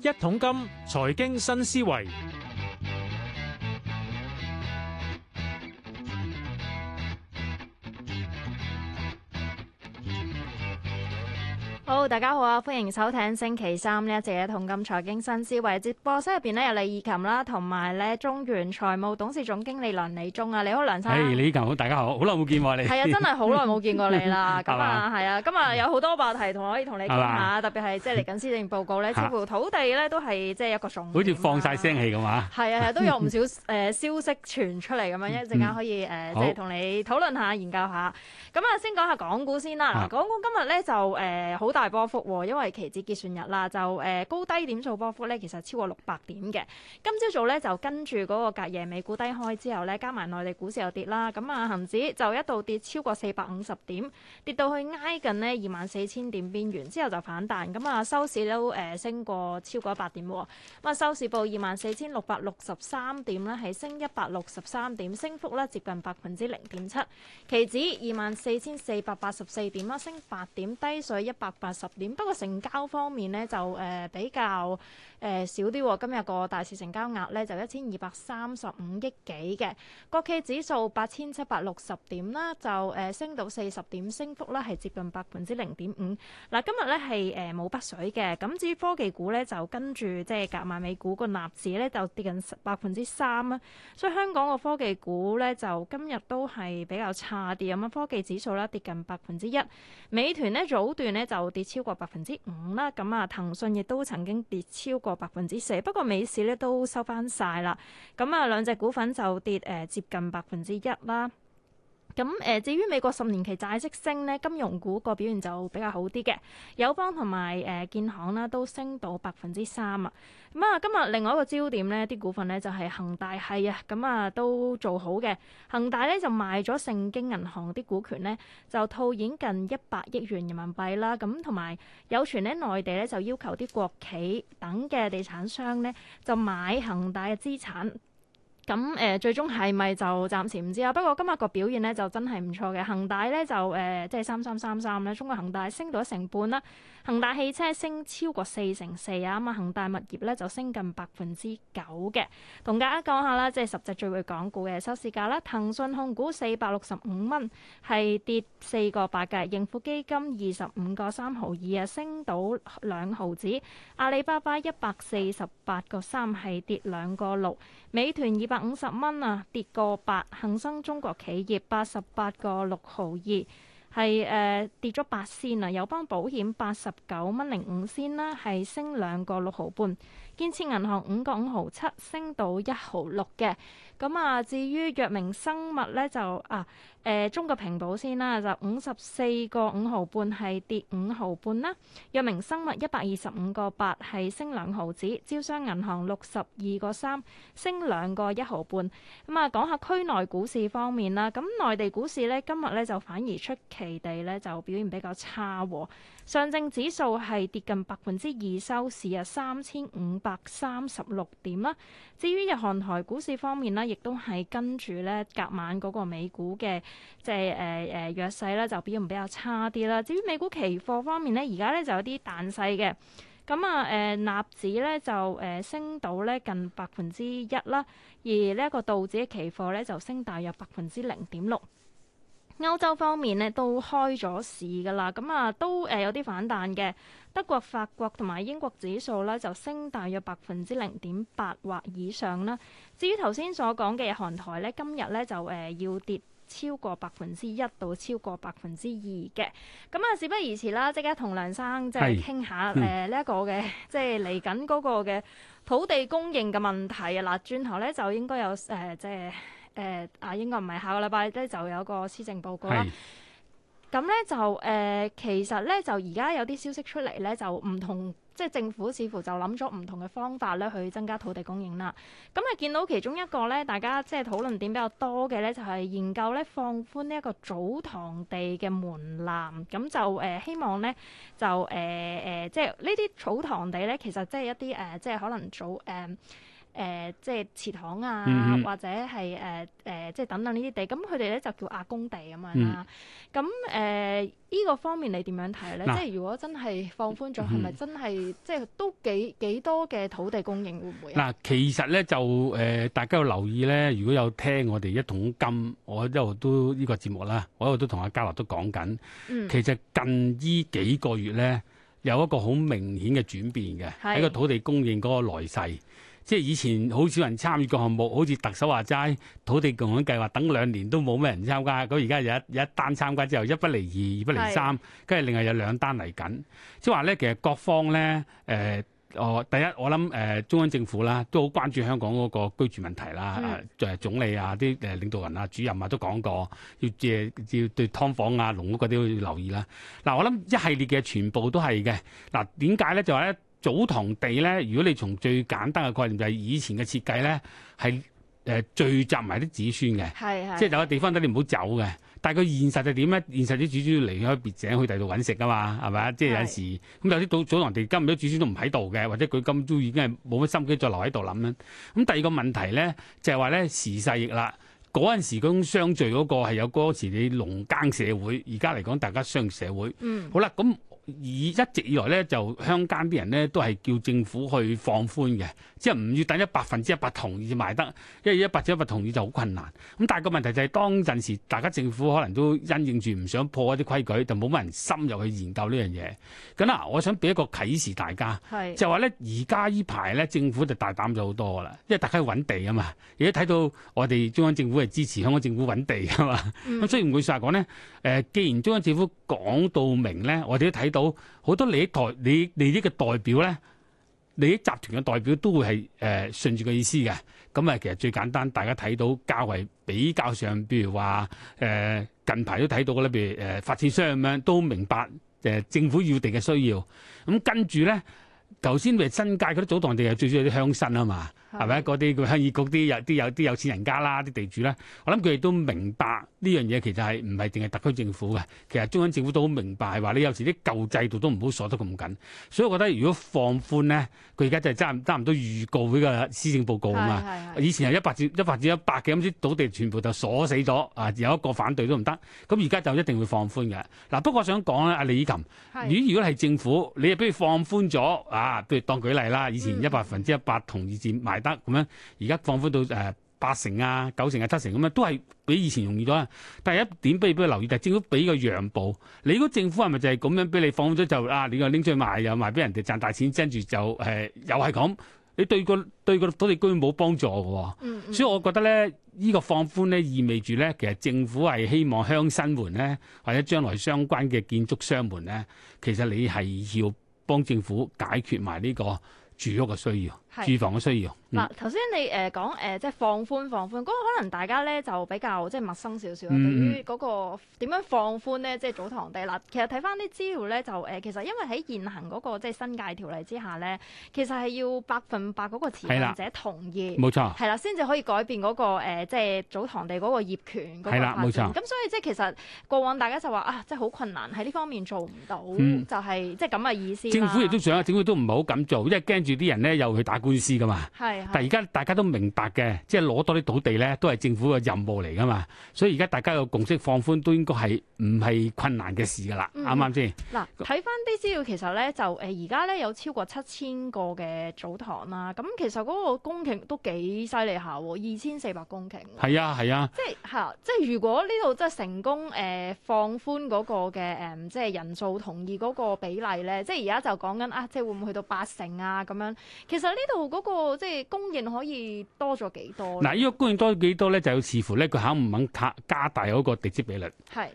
一桶金，財經新思維。大家好啊！歡迎收聽星期三呢一節嘅銅鑼灣財經新思維節，播室入邊呢，有李以琴啦，同埋咧中原財務董事總經理梁理中啊，你好，梁生。係，hey, 李琴好，大家好好耐冇見喎你。係啊，真係好耐冇見過你啦，咁啊，係啊，今日有好多話題，同可以同你講下，吧特別係即係嚟緊施政報告咧，吧似乎土地咧都係即係一個重點。好似放晒聲氣咁啊！係啊，係啊都有唔少誒、呃、消息傳出嚟咁樣，一陣間可以誒、呃、好即係同你討論下、研究下。咁啊，先講下港股先啦。嗱吧，港股今日咧就誒好、呃、大。波幅，因為期指結算日啦，就誒、呃、高低點數波幅咧，其實超過六百點嘅。今朝早咧就跟住嗰個隔夜美股低開之後咧，加埋內地股市又跌啦，咁啊恒指就一度跌超過四百五十點，跌到去挨近呢二萬四千點邊緣，之後就反彈，咁啊收市都誒、呃、升過超過一百點喎。咁啊收市報二萬四千六百六十三點咧，係升一百六十三點，升幅咧接近百分之零點七。期指二萬四千四百八十四點啦，升八點，低水一百八十。十點，不過成交方面呢，就誒、呃、比較誒、呃、少啲喎。今日個大市成交額呢，就一千二百三十五億幾嘅，國企指數八千七百六十點啦，就誒、呃、升到四十點，升幅呢係接近百分之零點五。嗱、啊，今日呢係誒冇北水嘅，咁至於科技股呢，就跟住即係夾埋美股個納指呢，就跌近百分之三啦，所以香港個科技股呢，就今日都係比較差啲咁樣，科技指數呢跌近百分之一，美團呢，早段呢就跌。超過百分之五啦，咁啊騰訊亦都曾經跌超過百分之四，不過美市咧都收翻晒啦，咁啊兩隻股份就跌誒、呃、接近百分之一啦。咁誒，至於美國十年期債息升咧，金融股個表現就比較好啲嘅，友邦同埋誒建行啦，都升到百分之三啊。咁啊，今日另外一個焦點咧，啲股份咧就係恒大係啊，咁啊都做好嘅。恒大咧就賣咗盛京銀行啲股權咧，就套現近一百億元人民幣啦。咁同埋有傳咧，內地咧就要求啲國企等嘅地產商咧，就買恒大嘅資產。咁誒、呃、最終係咪就暫時唔知啊？不過今日個表現呢就真係唔錯嘅，恒大呢就誒、呃、即係三三三三咧，中國恒大升到一成半啦，恒大汽車升超過四成四啊，咁啊恒大物業呢就升近百分之九嘅。同大家講下啦，即係十隻最會港股嘅收市價啦。騰訊控股四百六十五蚊，係跌四個八嘅，盈富基金二十五個三毫二啊，升到兩毫子。阿里巴巴一百四十八個三，係跌兩個六，美團二百五十蚊啊，跌個八。恒生中國企業八十八個六毫二，係、呃、誒跌咗八仙啊。友邦保險八十九蚊零五仙啦，係升兩個六毫半。建設銀行五個五毫七，升到一毫六嘅。咁啊，至於藥明生物咧，就啊。誒、呃、中國平保先啦，就五十四個五毫半係跌五毫半啦。藥明生物一百二十五個八係升兩毫子，招商銀行六十二個三升兩個一毫半。咁、嗯、啊，講下區內股市方面啦。咁內地股市呢，今日呢就反而出奇地呢就表現比較差喎。上證指數係跌近百分之二收市啊，三千五百三十六點啦。至於日韓台股市方面呢，亦都係跟住呢隔晚嗰個美股嘅。即係誒誒弱勢呢，就表現比較差啲啦。至於美股期貨方面呢，而家呢就有啲彈勢嘅咁啊。誒納、呃、指呢就誒、呃、升到呢近百分之一啦，而呢一個道指期貨呢就升大約百分之零點六。歐洲方面呢都開咗市㗎啦，咁啊都誒、呃、有啲反彈嘅。德國、法國同埋英國指數呢就升大約百分之零點八或以上啦。至於頭先所講嘅韓台呢，今日呢就誒、呃、要跌。超過百分之一到超過百分之二嘅，咁啊事不宜遲啦，即刻同梁生即係傾下誒呢一個嘅，即係嚟緊嗰個嘅土地供應嘅問題啊！嗱，轉頭咧就應該有誒即係誒啊，應該唔係下個禮拜咧就有個施政報告啦。咁咧是就誒、呃，其實咧就而家有啲消息出嚟咧，就唔同。即係政府似乎就諗咗唔同嘅方法咧，去增加土地供應啦。咁啊，見到其中一個咧，大家即係討論點比較多嘅咧，就係、是、研究咧放寬呢一個祖堂地嘅門檻。咁就誒、呃、希望咧，就誒誒、呃呃，即係呢啲祖堂地咧，其實即係一啲誒、呃，即係可能早誒。呃誒、呃，即係祠堂啊，嗯嗯或者係誒誒，即係等等呢啲地，咁佢哋咧就叫阿公地咁樣啦。咁誒、嗯，依、呃這個方面你點樣睇咧？呃、即係如果真係放寬咗，係咪、嗯、真係即係都幾幾多嘅土地供應會唔會？嗱、呃，其實咧就誒、呃，大家有留意咧，如果有聽我哋一桶金，我一路都呢、這個節目啦，我一路都同阿嘉樂都講緊。其實近依幾個月咧，有一個好明顯嘅轉變嘅，喺個土地供應嗰個來勢。即係以前好少人參與個項目，好似特首話齋土地共享計劃等兩年都冇咩人參加。咁而家有一一單參加之後，一不離二，二不離三，跟住是另外有兩單嚟緊。即係話咧，其實各方咧，誒，我第一我諗誒中央政府啦，都好關注香港嗰個居住問題啦。誒是總理啊，啲誒領導人啊、主任啊都講過，要即係要對劏房啊、農屋嗰啲要留意啦。嗱，我諗一系列嘅全部都係嘅。嗱，點解咧？就係咧。祖堂地咧，如果你從最簡單嘅概念，就係、是、以前嘅設計咧，係誒、呃、聚集埋啲子孫嘅，係是即係有個地方等你唔好走嘅。但係佢現實係點咧？現實啲子孫要離開別井去第度揾食噶嘛，係咪啊？即係有時咁有啲祖祖堂地，今唔啲子孫都唔喺度嘅，或者佢今朝已經係冇乜心機再留喺度諗啦。咁、嗯嗯、第二個問題咧，就係話咧時勢易啦，嗰陣時嗰種相聚嗰個係有嗰時你農耕社會，而家嚟講大家商業社會。嗯，好啦，咁。以一直以來咧，就鄉間啲人咧，都係叫政府去放寬嘅。即係唔要等一百分之一百同意就賣得，因為一百分之一百同意就好困難。咁但係個問題就係當陣時，大家政府可能都因應住唔想破一啲規矩，就冇乜人深入去研究呢樣嘢。咁啊，我想俾一個啟示大家，是就係話咧，而家呢排咧，政府就大膽咗好多噶啦，因為大家要揾地啊嘛。而家睇到我哋中央政府係支持香港政府揾地啊嘛。咁雖、嗯、然唔該曬講咧，誒，既然中央政府講到明咧，我哋都睇到好多利益代、利益嘅代表咧。利益集團嘅代表都會係誒、呃、順住個意思嘅，咁啊其實最簡單，大家睇到較為比較上，譬如話誒、呃、近排都睇到嘅咧，譬如誒、呃、發展商咁樣都明白誒、呃、政府要地嘅需要，咁、嗯、跟住咧，頭先咪新界嗰啲祖堂地係最少有啲鄉紳啊嘛。係咪嗰啲佢鄉議局啲有啲有啲有錢人家啦，啲地主啦，我諗佢哋都明白呢樣嘢，其實係唔係淨係特區政府嘅？其實中央政府都好明白，係話你有時啲舊制度都唔好鎖得咁緊。所以我覺得如果放寬咧，佢而家就係差唔差唔多預告呢個施政報告啊嘛。以前係一百至一百至一百嘅咁啲土地全部就鎖死咗啊，有一個反對都唔得。咁而家就一定會放寬嘅。嗱，不過我想講咧，阿李以琴，你如果係政府，你啊不如放寬咗啊，不如當舉例啦。以前一百分之一百同意佔埋。得咁樣，而家放寬到誒八成啊、九成啊、七成咁樣，都係比以前容易咗。但係一點不如俾佢留意，就政府俾個讓步。你如果政府係咪就係咁樣俾你放咗就啊，你又拎出去賣又賣俾人哋賺大錢，跟住就誒、啊、又係咁？你對個對個土地居民冇幫助嘅。所以我覺得咧，呢、這個放寬咧意味住咧，其實政府係希望鄉紳們咧，或者將來相關嘅建築商們咧，其實你係要幫政府解決埋呢個住屋嘅需要。住房嘅需要嗱，頭、嗯、先你誒講誒即係放寬放寬，嗰個可能大家咧就比較即係陌生少少啊。對於嗰、那個點樣放寬咧，即係祖堂地嗱，其實睇翻啲資料咧，就誒、呃、其實因為喺現行嗰、那個即係新界條例之下咧，其實係要百分百嗰個持有人者同意，冇錯，係啦，先至可以改變嗰、那個、呃、即係祖堂地嗰個業權個，係啦，冇錯。咁所以即係其實過往大家就話啊，即係好困難，喺呢方面做唔到，嗯、就係、是、即係咁嘅意思。政府亦都想，政府都唔係好敢做，因為驚住啲人咧又去打官司噶嘛，但係而家大家都明白嘅，即係攞多啲土地咧，都係政府嘅任務嚟噶嘛。所以而家大家嘅共識放寬，都應該係唔係困難嘅事噶啦，啱唔啱先？嗱好，睇返啲資料，其實咧就誒而家咧有超過七千個嘅祖堂啦。咁其實嗰個公頃都幾犀利下，二千四百公頃。係啊，係啊。即係嚇，即係如果呢度即係成功誒放寬嗰個嘅誒，即係人數同意嗰個比例咧，即係而家就講緊啊，即係會唔會去到八成啊咁樣？其實呢？度嗰個即係供應可以多咗幾多？嗱，呢個供應多咗幾多咧，就視乎咧佢肯唔肯加大嗰個地積比率，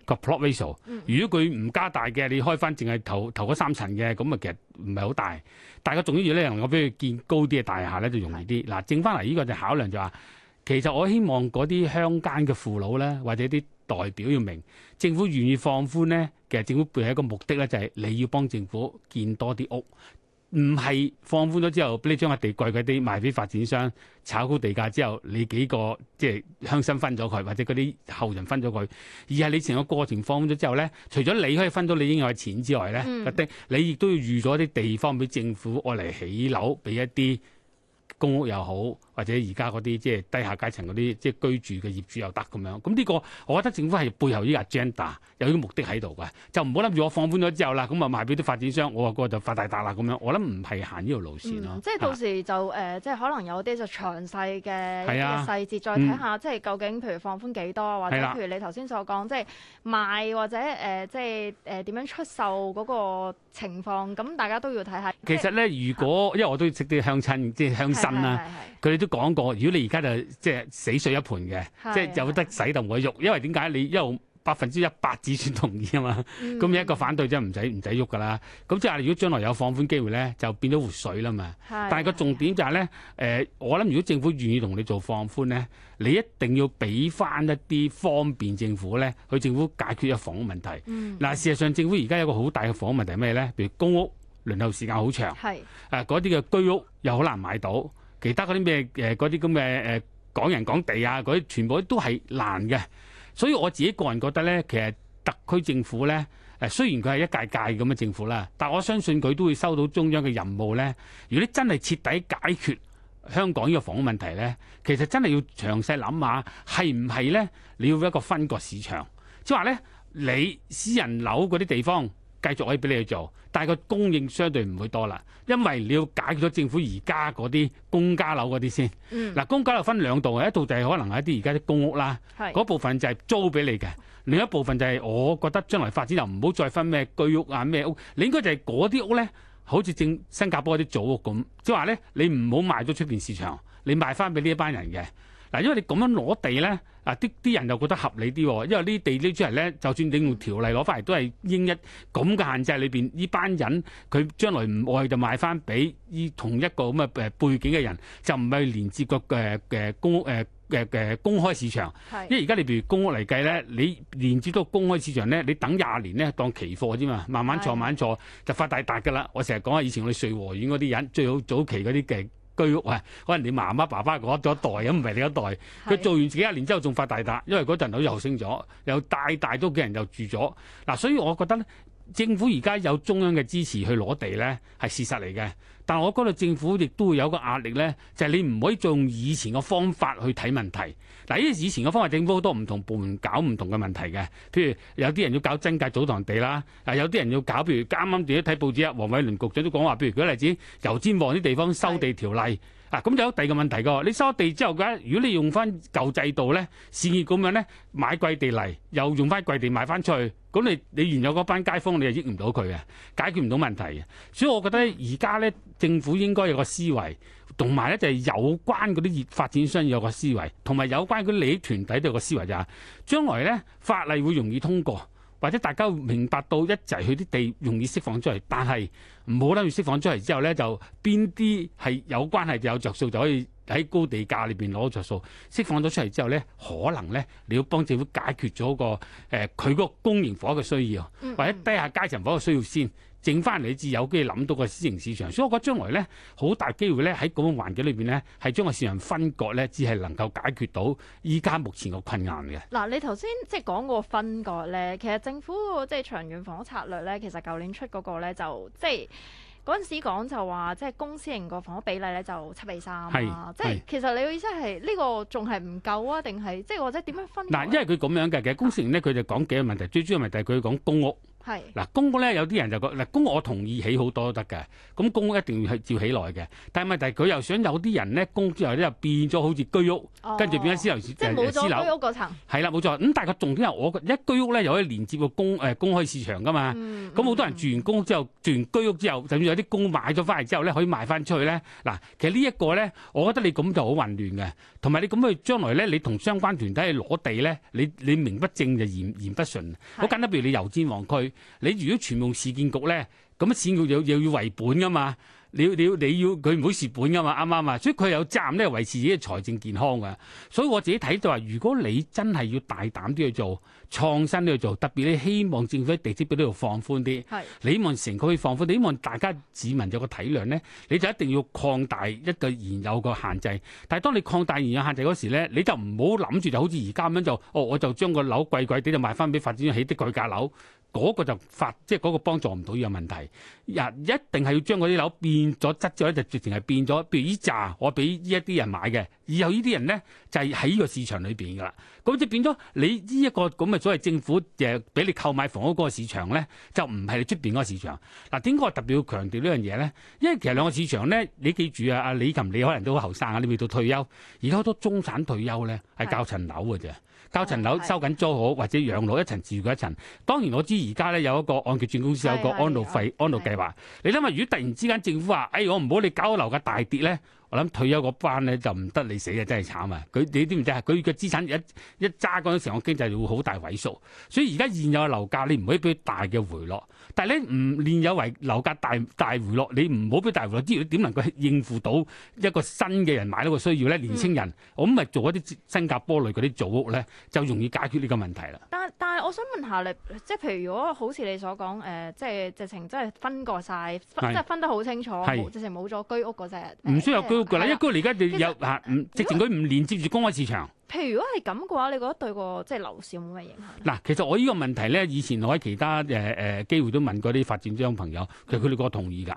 個 plot ratio。是如果佢唔加大嘅，你開翻淨係頭頭嗰三層嘅，咁啊其實唔係好大。但係個重要咧，我俾佢建高啲嘅大廈咧，就容易啲。嗱是，剩翻嚟呢個就考量就話、是，其實我希望嗰啲鄉間嘅父老咧，或者啲代表要明，政府願意放寬咧，其實政府背後一個目的咧，就係你要幫政府建多啲屋。唔係放寬咗之後，你將個地貴貴啲賣俾發展商炒高地價之後，你幾個即係鄉紳分咗佢，或者嗰啲後人分咗佢，而係你成個過程放寬咗之後咧，除咗你可以分到你應有嘅錢之外咧，的、嗯、你亦都要預咗啲地方俾政府愛嚟起樓，俾一啲公屋又好。或者而家嗰啲即係低下階層嗰啲即係居住嘅業主又得咁樣，咁呢個我覺得政府係背後呢個 agenda 有啲目的喺度嘅，就唔好諗住我放寬咗之後啦，咁啊賣俾啲發展商，我話個就發大達啦咁樣，我諗唔係行呢條路線咯、啊嗯。即係到時就誒即係可能有啲就詳細嘅細節再睇下、啊嗯、即係究竟譬如放寬幾多，或者譬如你頭先所講即係賣或者誒、呃、即係誒點樣出售嗰個情況，咁大家都要睇下。其實咧，即如果因為我都要識啲鄉親即係鄉紳啦，佢哋都。講過，如果你而家就即係死水一盤嘅，是啊、即係有得洗就唔會喐。因為點解你一路百分之一百至算同意啊嘛，咁 有一個反對就，唔使唔使喐噶啦。咁即係如果將來有放寬機會咧，就變咗活水啦嘛。但係個重點就係、是、咧，誒、呃，我諗如果政府願意同你做放寬咧，你一定要俾翻一啲方便政府咧，去政府解決一房屋問題。嗱，嗯、事實上政府而家有個好大嘅房屋問題咩咧？譬如公屋輪候時間好長，誒嗰啲嘅居屋又好難買到。其他嗰啲咩誒嗰啲咁嘅誒港人港地啊，嗰啲全部都係難嘅。所以我自己個人覺得呢，其實特區政府呢，誒，雖然佢係一屆一屆咁嘅政府啦，但我相信佢都會收到中央嘅任務呢。如果你真係徹底解決香港呢個房屋問題呢，其實真係要詳細諗下，係唔係呢？你要一個分割市場，即係話呢，你私人樓嗰啲地方。繼續可以俾你去做，但係個供應相對唔會多啦，因為你要解決咗政府而家嗰啲公家樓嗰啲先。嗱、嗯，公家樓分兩度，一度就係可能係一啲而家啲公屋啦，嗰是部分就係租俾你嘅；另一部分就係我覺得將來發展又唔好再分咩居屋啊咩屋，你應該就係嗰啲屋咧，好似正新加坡嗰啲組屋咁，即係話咧，你唔好賣咗出邊市場，你賣翻俾呢一班人嘅。嗱，因為你咁樣攞地咧，啊啲啲人又覺得合理啲，因為呢地呢出嚟咧，就算你用條例攞翻嚟，都係應一咁嘅限制裏邊，呢班人佢將來唔愛就賣翻俾呢同一個咁啊誒背景嘅人，就唔係連接個誒誒公誒誒誒公開市場。是因為而家你譬如公屋嚟計咧，你連接到公開市場咧，你等廿年咧當期貨啫嘛，慢慢坐慢慢坐就發大達噶啦。我成日講啊，以前我哋瑞和苑嗰啲人最好早期嗰啲嘅。居屋啊，可能你媽媽爸爸嗰一代咁，唔係你一代，佢做完幾十年之後仲發大達，因為嗰陣樓又升咗，又大大都幾人又住咗，嗱，所以我覺得咧，政府而家有中央嘅支持去攞地咧，係事實嚟嘅。但我覺得政府亦都會有個壓力咧，就係、是、你唔可以再用以前嘅方法去睇問題。嗱，依啲以前嘅方法，政府好多唔同部門搞唔同嘅問題嘅。譬如有啲人要搞增界祖堂地啦，啊有啲人要搞，譬如啱啱自己睇報紙啊，黃偉綸局長都講話，譬如舉個例子，油尖旺啲地方收地條例是啊，咁就有第二個問題噶。你收地之後嘅，如果你用翻舊制度咧，市業咁樣咧，買貴地嚟，又用翻貴地買翻出去，咁你你原有嗰班街坊，你就益唔到佢嘅，解決唔到問題嘅。所以我覺得而家咧。政府應該有個思維，同埋咧就係有關嗰啲業發展商有個思維，同埋有，有關嗰啲利益團體都有個思維就係，將來咧法例會容易通過，或者大家會明白到一齊去啲地容易釋放出嚟，但係唔好等佢釋放出嚟之後咧，就邊啲係有關係就有着數，就可以喺高地價裏邊攞着數。釋放咗出嚟之後咧，可能咧你要幫政府解決咗個誒佢個公營房嘅需要，或者低下階層房嘅需要先。整翻嚟至有機會諗到個私營市場，所以我覺得將來咧好大機會咧喺咁樣環境裏邊咧，係將個市場分割咧，只係能夠解決到依家目前個困難嘅。嗱，你頭先即係講個分割咧，其實政府即係長遠房屋策略咧，其實舊年出嗰、那個咧就即係嗰陣時講就話即係公私營個房屋比例咧就七比三啦是。即係是其實你嘅意思係呢、這個仲係唔夠啊？定係即係或者點樣分？嗱，因為佢咁樣嘅，嘅公私營咧佢就講幾個問題，最主要問題就係佢講公屋。嗱，公屋咧，有啲人就講嗱，公屋我同意起好多都得嘅，咁公屋一定要係照起嚟嘅。但係問題佢又想有啲人咧，公屋之後咧又變咗好似居屋，跟住、哦、變咗私樓市場嘅私樓。即係冇咗居屋嗰層。係啦，冇錯。咁、嗯、但係個重點係我一居屋咧又可以連接個公誒公開市場㗎嘛。咁好、嗯嗯、多人住完公屋之後，住完居屋之後，甚至有啲公屋買咗翻嚟之後咧，可以賣翻出去咧。嗱，其實呢一個咧，我覺得你咁就好混亂嘅，同埋你咁去將來咧，你同相關團體去攞地咧，你你，你名不正就言言不順。好簡單，譬是如你油尖旺區。你如果全用市建局咧，咁啊市建局又又要為本噶嘛？你要你你要佢唔會蝕本噶嘛？啱唔啱啊？所以佢有責任咧，維持自己嘅財政健康噶。所以我自己睇到話，如果你真係要大膽啲去做，創新啲去做，特別你希望政府喺地積比呢度放寬啲，是你望城規可以放寬，你希望大家市民有個體諒咧，你就一定要擴大一個現有個限制。但係當你擴大現有限制嗰時咧，你就唔好諗住就好似而家咁樣，就哦，我就將個樓貴貴啲就賣翻俾發展商起啲貴價樓。嗰個就發，即係嗰個幫助唔到呢個問題。呀，一定係要將嗰啲樓變咗質咗，咧，就直情係變咗。譬如依紮，我俾呢一啲人買嘅，以後呢啲人咧就係喺依個市場裏邊噶啦。咁即係變咗你呢一個咁嘅所謂政府誒俾、呃、你購買房屋嗰個市場咧，就唔係你出邊嗰個市場。嗱、啊，點解我特別要強調呢樣嘢咧？因為其實兩個市場咧，你記住啊，阿李琴，你可能都好後生啊，你未到退休，而家好多中產退休咧，係交層樓嘅啫。交層樓收緊租，好或者養老，一層住過一層。當然我知而家咧有一個按揭轉公司的有一個安老費的安老計劃。的你諗下，如果突然之間政府話，哎，我唔好你交樓嘅大跌咧。諗退休嗰班咧就唔得，你死啊真係慘啊！佢你知唔知啊？佢嘅資產一一揸嗰陣時，個經濟會好大萎縮。所以而家現有嘅樓價你唔可以俾佢大嘅回落。但係咧唔現有為樓價大大回落，你唔好俾佢大回落。至於點能夠應付到一個新嘅人買到嘅需要咧？年輕人，我咁咪做一啲新加坡類嗰啲組屋咧，就容易解決呢個問題啦。但但係我想問下你，即係譬如如果好似你所講誒，即係直情真係分過晒，即係分得好清楚，直情冇咗居屋嗰隻。唔需要居。一個嚟，而家就有嚇唔直情佢唔連接住公開市場。譬如如果係咁嘅話，你覺得對個即係樓市有冇咩影響？嗱，其實我呢個問題咧，以前我喺其他誒誒機會都問過啲發展商朋友，其實佢哋個同意㗎。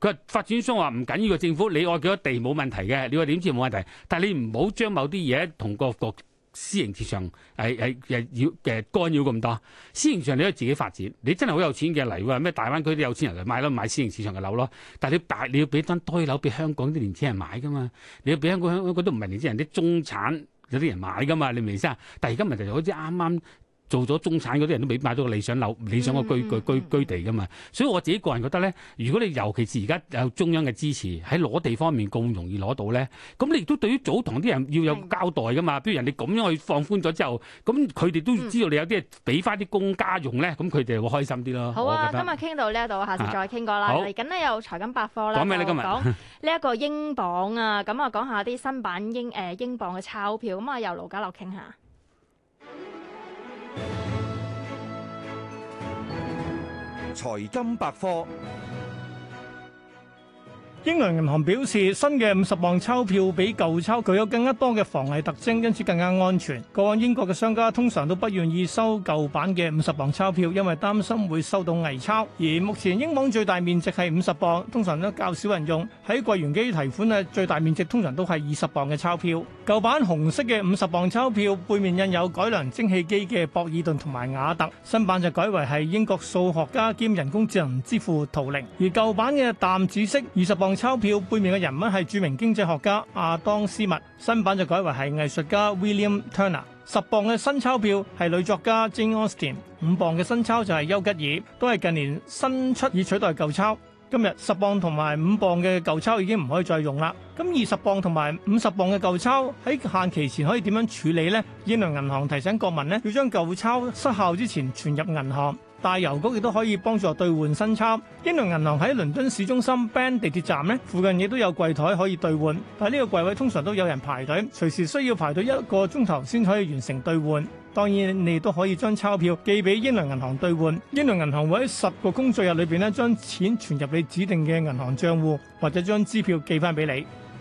佢話發展商話唔緊要，政府你愛幾多地冇問題嘅，你話點知冇問題。但係你唔好將某啲嘢同個個。私營市場係係係要嘅干擾咁多，私營市場你可以自己發展。你真係好有錢嘅嚟喎，咩大灣區啲有錢人嚟買咯，買私營市場嘅樓咯。但係你大你要俾翻多啲樓俾香港啲年青人買㗎嘛？你要俾香港香港都唔係年青人，啲中產有啲人買㗎嘛？你明唔明意思？但係而家問題就好似啱啱。做咗中產嗰啲人都未買到個理想樓，理想個居、嗯、居居居，居地噶嘛，所以我自己個人覺得咧，如果你尤其是而家有中央嘅支持，喺攞地方面咁容易攞到咧，咁你亦都對於祖堂啲人要有交代噶嘛，譬如人哋咁樣去放寬咗之後，咁佢哋都知道你有啲俾翻啲公家用咧，咁佢哋會開心啲咯。好啊，今日傾到呢一度，下次再傾過啦。啊、好嚟緊咧，有財金百科啦，呢講呢一個英鎊啊，咁啊 講下啲新版英誒、呃、英鎊嘅鈔票，咁啊由盧家樂傾下。財金百科。英格蘭銀行表示，新嘅五十磅鈔票比舊鈔具有更加多嘅防偽特徵，因此更加安全。過往英國嘅商家通常都不願意收舊版嘅五十磅鈔票，因為擔心會收到偽鈔。而目前英鎊最大面值係五十磅，通常都較少人用。喺櫃員機提款呢，最大面值通常都係二十磅嘅鈔票。舊版紅色嘅五十磅鈔票背面印有改良蒸汽機嘅博爾頓同埋瓦特，新版就改為係英國數學家兼人工智能之父圖靈。而舊版嘅淡紫色二十磅。鈔票背面嘅人物係著名經濟學家阿當斯密，新版就改為係藝術家 William Turner。十磅嘅新鈔票係女作家 Jane Austen，五磅嘅新鈔就係丘吉爾，都係近年新出已取代舊鈔。今日十磅同埋五磅嘅舊鈔已經唔可以再用啦。咁二十磅同埋五十磅嘅舊鈔喺限期前可以點樣處理呢？英倫銀行提醒國民咧，要將舊鈔失效之前存入銀行。大郵局亦都可以幫助兌換新鈔。英倫銀行喺倫敦市中心 Bank 地鐵站呢附近亦都有櫃台可以兌換，但係呢個櫃位通常都有人排隊，隨時需要排隊一個鐘頭先可以完成兌換。當然，你都可以將鈔票寄俾英倫銀行兌換，英倫銀行會喺十個工作日裏邊咧將錢存入你指定嘅銀行帳戶，或者將支票寄翻俾你。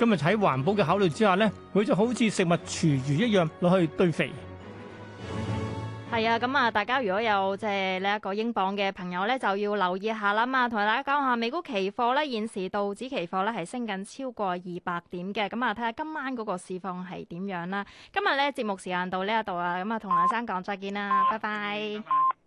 今日喺環保嘅考慮之下呢，佢就好似食物廚餘一樣攞去堆肥。係啊，咁啊，大家如果有即係呢一個英鎊嘅朋友呢，就要留意下啦啊，同大家講下，美股期貨呢，現時道指期貨呢，係升緊超過二百點嘅，咁啊睇下今晚嗰個市況係點樣啦。今日呢，節目時間到呢一度啊，咁啊同梁生講再見啦，嗯、拜拜。拜拜。